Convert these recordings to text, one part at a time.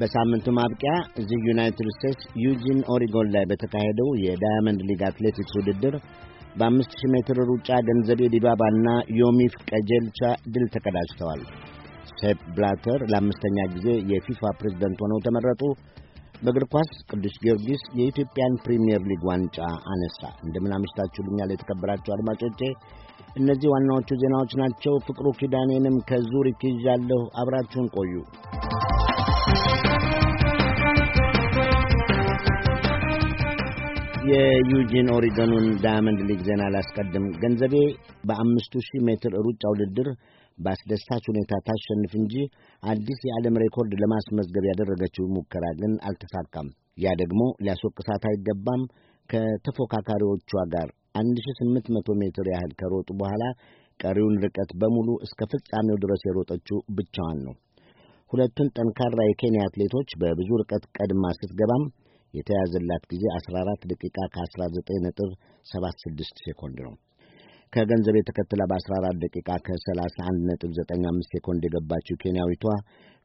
በሳምንቱ ማብቂያ እዚህ ዩናይትድ ስቴትስ ዩጂን ኦሪጎን ላይ በተካሄደው የዳያመንድ ሊግ አትሌቲክስ ውድድር በአምስት ሺህ ሜትር ሩጫ ገንዘቤ ዲባባና ዮሚፍ ቀጀልቻ ድል ተቀዳጅተዋል። ሴፕ ብላተር ለአምስተኛ ጊዜ የፊፋ ፕሬዝደንት ሆነው ተመረጡ። በእግር ኳስ ቅዱስ ጊዮርጊስ የኢትዮጵያን ፕሪምየር ሊግ ዋንጫ አነሳ። እንደምን አምሽታችሁልኛል የተከበራችሁ አድማጮቼ። እነዚህ ዋናዎቹ ዜናዎች ናቸው። ፍቅሩ ኪዳኔንም ከዙሪክ ይዣለሁ። አብራችሁን ቆዩ። የዩጂን ኦሪገኑን ዳያመንድ ሊግ ዜና ላስቀድም። ገንዘቤ በአምስቱ ሺህ ሜትር ሩጫ ውድድር በአስደሳች ሁኔታ ታሸንፍ እንጂ አዲስ የዓለም ሬኮርድ ለማስመዝገብ ያደረገችው ሙከራ ግን አልተሳካም። ያ ደግሞ ሊያስወቅሳት አይገባም። ከተፎካካሪዎቿ ጋር 1800 ሜትር ያህል ከሮጡ በኋላ ቀሪውን ርቀት በሙሉ እስከ ፍጻሜው ድረስ የሮጠችው ብቻዋን ነው። ሁለቱን ጠንካራ የኬንያ አትሌቶች በብዙ ርቀት ቀድማ ስትገባም የተያዘላት ጊዜ 14 ደቂቃ ከ19.76 ሴኮንድ ነው። ከገንዘብ የተከትላ በ14 ደቂቃ ከ31.95 ሴኮንድ የገባችው ኬንያዊቷ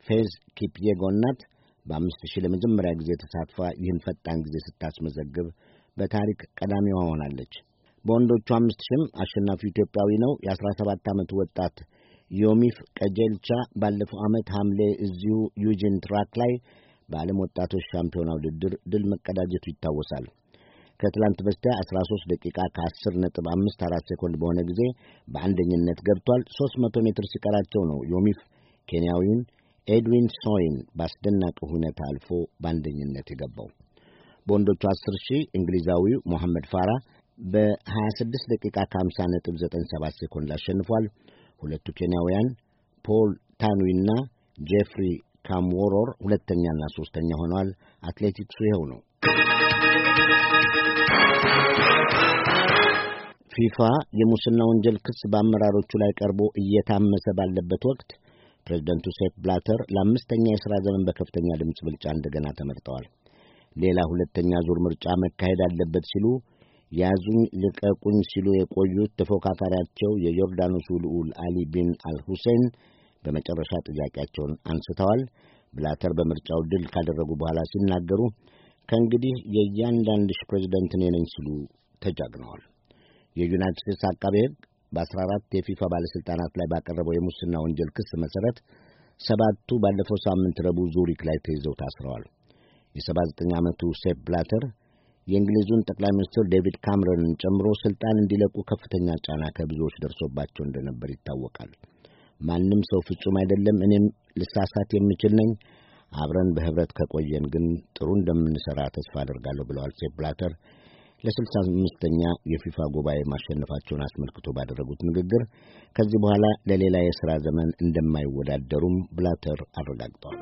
ፌዝ ኪፕዬጎን ናት። በአምስት ለመጀመሪያ ጊዜ ተሳትፋ ይህን ፈጣን ጊዜ ስታስመዘግብ በታሪክ ቀዳሚዋ ሆናለች። በወንዶቹ አምስት ሺህም አሸናፊው ኢትዮጵያዊ ነው። የ17 ዓመቱ ወጣት ዮሚፍ ቀጀልቻ ባለፈው ዓመት ሐምሌ እዚሁ ዩጂን ትራክ ላይ በዓለም ወጣቶች ሻምፒዮና ውድድር ድል መቀዳጀቱ ይታወሳል። ከትላንት በስቲያ 13 ደቂቃ ከ10 ነጥብ 54 ሴኮንድ በሆነ ጊዜ በአንደኝነት ገብቷል። 300 ሜትር ሲቀራቸው ነው ዮሚፍ ኬንያዊውን ኤድዊን ሶይን በአስደናቂ ሁኔታ አልፎ በአንደኝነት የገባው። በወንዶቹ 10 ሺህ እንግሊዛዊው ሞሐመድ ፋራ በ26 ደቂቃ ከ50 ነጥብ 97 ሴኮንድ አሸንፏል። ሁለቱ ኬንያውያን ፖል ታንዊና ጄፍሪ ካምዎሮር ሁለተኛና ሦስተኛ ሆነዋል። አትሌቲክሱ ይኸው ነው። ፊፋ የሙስና ወንጀል ክስ በአመራሮቹ ላይ ቀርቦ እየታመሰ ባለበት ወቅት ፕሬዚደንቱ ሴፕ ብላተር ለአምስተኛ የሥራ ዘመን በከፍተኛ ድምፅ ብልጫ እንደገና ተመርጠዋል። ሌላ ሁለተኛ ዙር ምርጫ መካሄድ አለበት ሲሉ ያዙኝ ልቀቁኝ ሲሉ የቆዩት ተፎካካሪያቸው የዮርዳኖሱ ልዑል አሊ ቢን አልሁሴን በመጨረሻ ጥያቄያቸውን አንስተዋል። ብላተር በምርጫው ድል ካደረጉ በኋላ ሲናገሩ ከእንግዲህ የእያንዳንድሽ ፕሬዚደንት እኔ ነኝ ሲሉ ተጃግነዋል። የዩናይትድ ስቴትስ አቃቤ ሕግ በ14 የፊፋ ባለሥልጣናት ላይ ባቀረበው የሙስና ወንጀል ክስ መሠረት ሰባቱ ባለፈው ሳምንት ረቡዕ ዙሪክ ላይ ተይዘው ታስረዋል። የ79 ዓመቱ ሴፕ ብላተር የእንግሊዙን ጠቅላይ ሚኒስትር ዴቪድ ካምረንን ጨምሮ ሥልጣን እንዲለቁ ከፍተኛ ጫና ከብዙዎች ደርሶባቸው እንደነበር ይታወቃል። ማንም ሰው ፍጹም አይደለም። እኔም ልሳሳት የምችል ነኝ። አብረን በህብረት ከቆየን ግን ጥሩ እንደምንሰራ ተስፋ አደርጋለሁ ብለዋል ሴፕ ብላተር ለስልሳ አምስተኛ የፊፋ ጉባኤ ማሸነፋቸውን አስመልክቶ ባደረጉት ንግግር ከዚህ በኋላ ለሌላ የሥራ ዘመን እንደማይወዳደሩም ብላተር አረጋግጠዋል።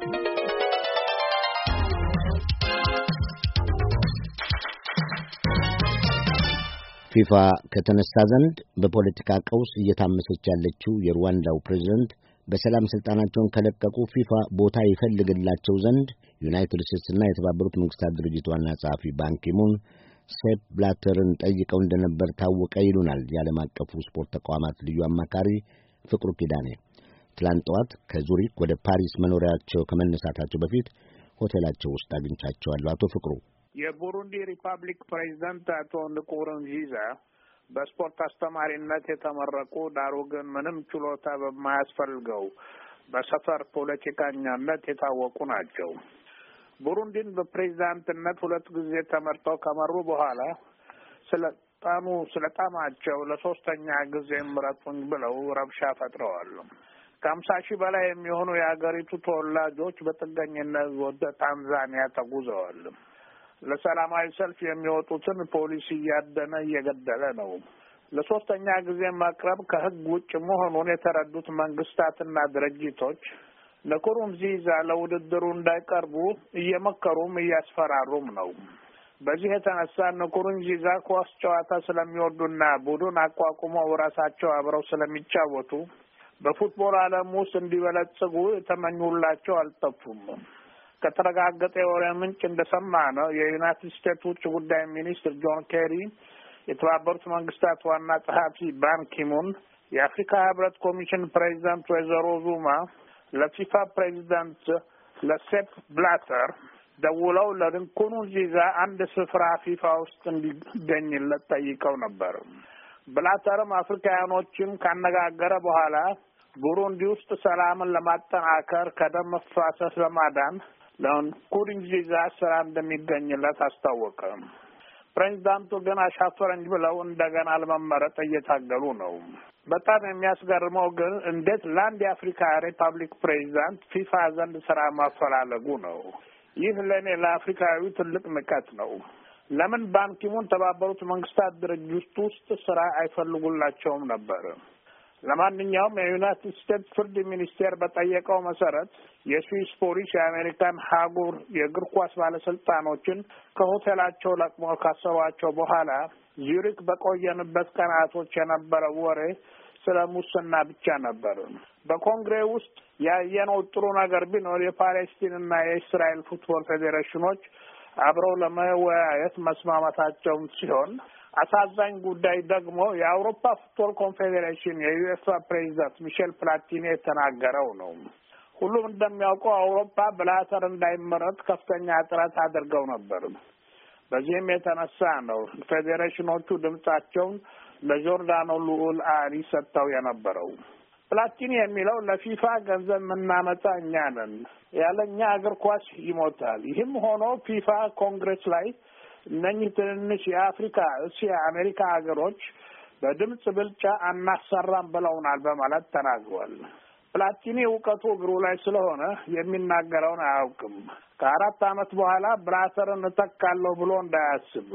ፊፋ ከተነሳ ዘንድ በፖለቲካ ቀውስ እየታመሰች ያለችው የሩዋንዳው ፕሬዝደንት በሰላም ሥልጣናቸውን ከለቀቁ ፊፋ ቦታ ይፈልግላቸው ዘንድ ዩናይትድ ስቴትስና የተባበሩት መንግሥታት ድርጅት ዋና ጸሐፊ ባንኪሙን ሴፕ ብላተርን ጠይቀው እንደነበር ታወቀ ይሉናል የዓለም አቀፉ ስፖርት ተቋማት ልዩ አማካሪ ፍቅሩ ኪዳኔ። ትላንት ጠዋት ከዙሪክ ወደ ፓሪስ መኖሪያቸው ከመነሳታቸው በፊት ሆቴላቸው ውስጥ አግኝቻቸዋለሁ። አቶ ፍቅሩ የቡሩንዲ ሪፐብሊክ ፕሬዚደንት አቶ ንኩሩንዚዛ በስፖርት አስተማሪነት የተመረቁ ዳሩ ግን ምንም ችሎታ በማያስፈልገው በሰፈር ፖለቲከኛነት የታወቁ ናቸው። ቡሩንዲን በፕሬዚዳንትነት ሁለት ጊዜ ተመርጠው ከመሩ በኋላ ስልጣኑ ስለጣማቸው ለሶስተኛ ጊዜ ምረጡኝ ብለው ረብሻ ፈጥረዋል። ከሀምሳ ሺህ በላይ የሚሆኑ የሀገሪቱ ተወላጆች በጥገኝነት ወደ ታንዛኒያ ተጉዘዋል። ለሰላማዊ ሰልፍ የሚወጡትን ፖሊስ እያደነ እየገደለ ነው። ለሶስተኛ ጊዜ መቅረብ ከህግ ውጭ መሆኑን የተረዱት መንግስታትና ድርጅቶች ንኩሩንዚዛ ለውድድሩ እንዳይቀርቡ እየመከሩም እያስፈራሩም ነው። በዚህ የተነሳ ንኩሩንዚዛ ኳስ ጨዋታ ስለሚወዱና ቡድን አቋቁመው ራሳቸው አብረው ስለሚጫወቱ በፉትቦል ዓለም ውስጥ እንዲበለጽጉ የተመኙላቸው አልጠፉም። ከተረጋገጠ የወሬ ምንጭ እንደሰማ ነው የዩናይትድ ስቴትስ ውጭ ጉዳይ ሚኒስትር ጆን ኬሪ የተባበሩት መንግስታት ዋና ጸሐፊ ባንኪሙን፣ የአፍሪካ ህብረት ኮሚሽን ፕሬዚደንት ወይዘሮ ዙማ ለፊፋ ፕሬዚደንት ለሴፕ ብላተር ደውለው ዚዛ አንድ ስፍራ ፊፋ ውስጥ እንዲገኝለት ጠይቀው ነበር። ብላተርም አፍሪካውያኖችን ካነጋገረ በኋላ ቡሩንዲ ውስጥ ሰላምን ለማጠናከር፣ ከደም መፋሰስ ለማዳን ለኩድ ስራ እንደሚገኝለት አስታወቀ። ፕሬዚዳንቱ ግን አሻፈረኝ ብለው እንደገና ለመመረጥ እየታገሉ ነው። በጣም የሚያስገርመው ግን እንዴት ለአንድ የአፍሪካ ሪፐብሊክ ፕሬዚዳንት ፊፋ ዘንድ ስራ ማፈላለጉ ነው። ይህ ለእኔ ለአፍሪካዊ ትልቅ ንቀት ነው። ለምን ባንኪሙን ተባበሩት መንግስታት ድርጅት ውስጥ ስራ አይፈልጉላቸውም ነበር? ለማንኛውም የዩናይትድ ስቴትስ ፍርድ ሚኒስቴር በጠየቀው መሰረት የስዊስ ፖሊስ የአሜሪካን ሀጉር የእግር ኳስ ባለስልጣኖችን ከሆቴላቸው ለቅሞ ካሰሯቸው በኋላ ዙሪክ በቆየንበት ቀናቶች የነበረው ወሬ ስለ ሙስና ብቻ ነበር። በኮንግሬ ውስጥ ያየነው ጥሩ ነገር ቢኖር የፓሌስቲን እና የእስራኤል ፉትቦል ፌዴሬሽኖች አብረው ለመወያየት መስማማታቸውም ሲሆን አሳዛኝ ጉዳይ ደግሞ የአውሮፓ ፉትቦል ኮንፌዴሬሽን የዩኤፋ ፕሬዚዳንት ሚሼል ፕላቲኒ የተናገረው ነው። ሁሉም እንደሚያውቀው አውሮፓ ብላተር እንዳይመረጥ ከፍተኛ ጥረት አድርገው ነበር። በዚህም የተነሳ ነው ፌዴሬሽኖቹ ድምጻቸውን ለጆርዳኖ ልዑል አሊ ሰጥተው የነበረው። ፕላቲኒ የሚለው ለፊፋ ገንዘብ የምናመጣ እኛ ነን፣ ያለ እኛ እግር ኳስ ይሞታል። ይህም ሆኖ ፊፋ ኮንግሬስ ላይ እነኚህ ትንንሽ የአፍሪካ እስያ፣ የአሜሪካ ሀገሮች በድምፅ ብልጫ አናሰራም ብለውናል በማለት ተናግሯል። ፕላቲኒ እውቀቱ እግሩ ላይ ስለሆነ የሚናገረውን አያውቅም። ከአራት ዓመት በኋላ ብላተርን እተካለሁ ብሎ እንዳያስብ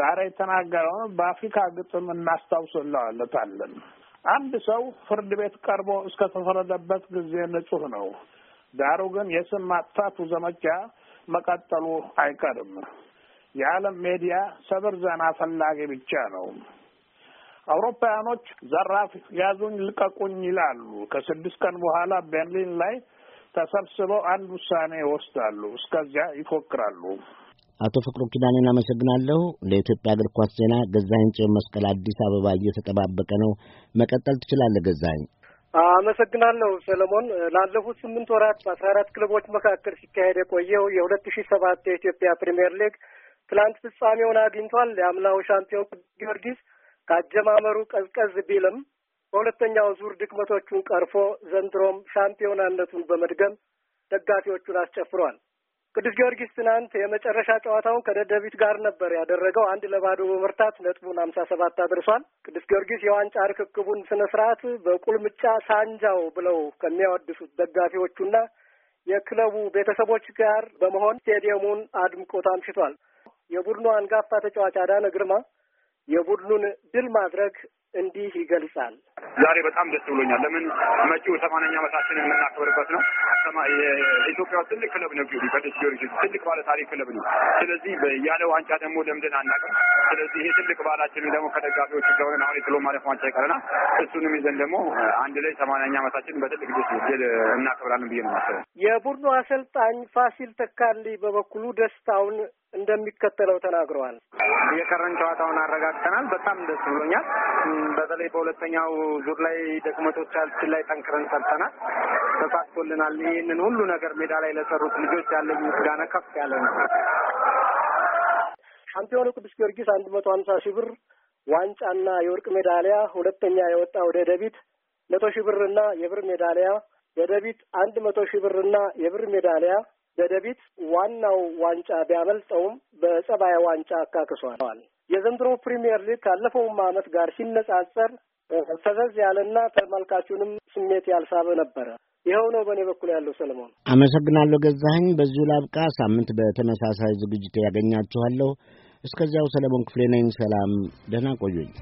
ዛሬ የተናገረውን በአፍሪካ ግጥም እናስታውስለዋለታለን። አንድ ሰው ፍርድ ቤት ቀርቦ እስከተፈረደበት ጊዜ ንጹህ ነው። ዳሩ ግን የስም ማጥፋቱ ዘመቻ መቀጠሉ አይቀርም። የዓለም ሜዲያ ሰብር ዘና ፈላጊ ብቻ ነው። አውሮፓውያኖች ዘራፍ ያዙኝ ልቀቁኝ ይላሉ። ከስድስት ቀን በኋላ ቤርሊን ላይ ተሰብስበው አንድ ውሳኔ ይወስዳሉ። እስከዚያ ይፎክራሉ። አቶ ፍቅሩ ኪዳኔን አመሰግናለሁ። ለኢትዮጵያ እግር ኳስ ዜና ገዛኸኝ ጽዮን መስቀል አዲስ አበባ እየተጠባበቀ ነው። መቀጠል ትችላለህ ገዛኸኝ። አመሰግናለሁ ሰለሞን። ላለፉት ስምንት ወራት በአስራ አራት ክለቦች መካከል ሲካሄድ የቆየው የሁለት ሺ ሰባት የኢትዮጵያ ፕሪምየር ሊግ ትላንት ፍጻሜውን አግኝቷል። የአምናው ሻምፒዮን ጊዮርጊስ ከአጀማመሩ ቀዝቀዝ ቢልም በሁለተኛው ዙር ድክመቶቹን ቀርፎ ዘንድሮም ሻምፒዮናነቱን በመድገም ደጋፊዎቹን አስጨፍሯል። ቅዱስ ጊዮርጊስ ትናንት የመጨረሻ ጨዋታውን ከደደቢት ጋር ነበር ያደረገው። አንድ ለባዶ በመርታት ነጥቡን ሀምሳ ሰባት አድርሷል። ቅዱስ ጊዮርጊስ የዋንጫ ርክክቡን ስነ ስርዓት በቁልምጫ ሳንጃው ብለው ከሚያወድሱት ደጋፊዎቹና የክለቡ ቤተሰቦች ጋር በመሆን ስቴዲየሙን አድምቆ ታምሽቷል። የቡድኑ አንጋፋ ተጫዋች አዳነ ግርማ የቡድኑን ድል ማድረግ እንዲህ ይገልጻል። ዛሬ በጣም ደስ ብሎኛል። ለምን መጪው ሰማንያኛ ዓመታችንን የምናከብርበት ነው። ኢትዮጵያ ውስጥ ትልቅ ክለብ ነው። ቅዱስ ጊዮርጊስ ትልቅ ባለ ታሪክ ክለብ ነው። ስለዚህ ያለ ዋንጫ ደግሞ ለምደን አናውቅም። ስለዚህ ይሄ ትልቅ ባህላችንን ደግሞ ከደጋፊዎች ስለሆነ አሁን የጥሎ ማለፍ ዋንጫ ይቀረና እሱንም ይዘን ደግሞ አንድ ላይ ሰማንያኛ ዓመታችንን በትልቅ ደስ ድል እናከብራለን ብዬ ነው ማሰብ። የቡድኑ አሰልጣኝ ፋሲል ተካልኝ በበኩሉ ደስታውን እንደሚከተለው ተናግረዋል። የቀረን ጨዋታውን አረጋግጠናል። በጣም ደስ ብሎኛል። በተለይ በሁለተኛው ዙር ላይ ድክመቶቻችን ላይ ጠንክረን ሰርተናል፣ ተሳክቶልናል። ይህንን ሁሉ ነገር ሜዳ ላይ ለሰሩት ልጆች ያለኝ ምስጋና ከፍ ያለ ነው። ሻምፒዮኑ ቅዱስ ጊዮርጊስ አንድ መቶ ሀምሳ ሺህ ብር ዋንጫና የወርቅ ሜዳሊያ፣ ሁለተኛ የወጣው ደደቢት መቶ ሺህ ብርና የብር ሜዳሊያ፣ ደደቢት አንድ መቶ ሺህ ብርና የብር ሜዳሊያ ደደቢት ዋናው ዋንጫ ቢያመልጠውም በጸባይ ዋንጫ አካክሷል። የዘንድሮ ፕሪምየር ሊግ ካለፈውም ዓመት ጋር ሲነጻጸር ፈዘዝ ያለና ተመልካቹንም ስሜት ያልሳበ ነበረ። ይኸው ነው በእኔ በኩል ያለው። ሰለሞን አመሰግናለሁ። ገዛኸኝ፣ በዚሁ ላብቃ። ሳምንት በተመሳሳይ ዝግጅት ያገኛችኋለሁ። እስከዚያው ሰለሞን ክፍሌ ነኝ። ሰላም፣ ደህና ቆዩኝ።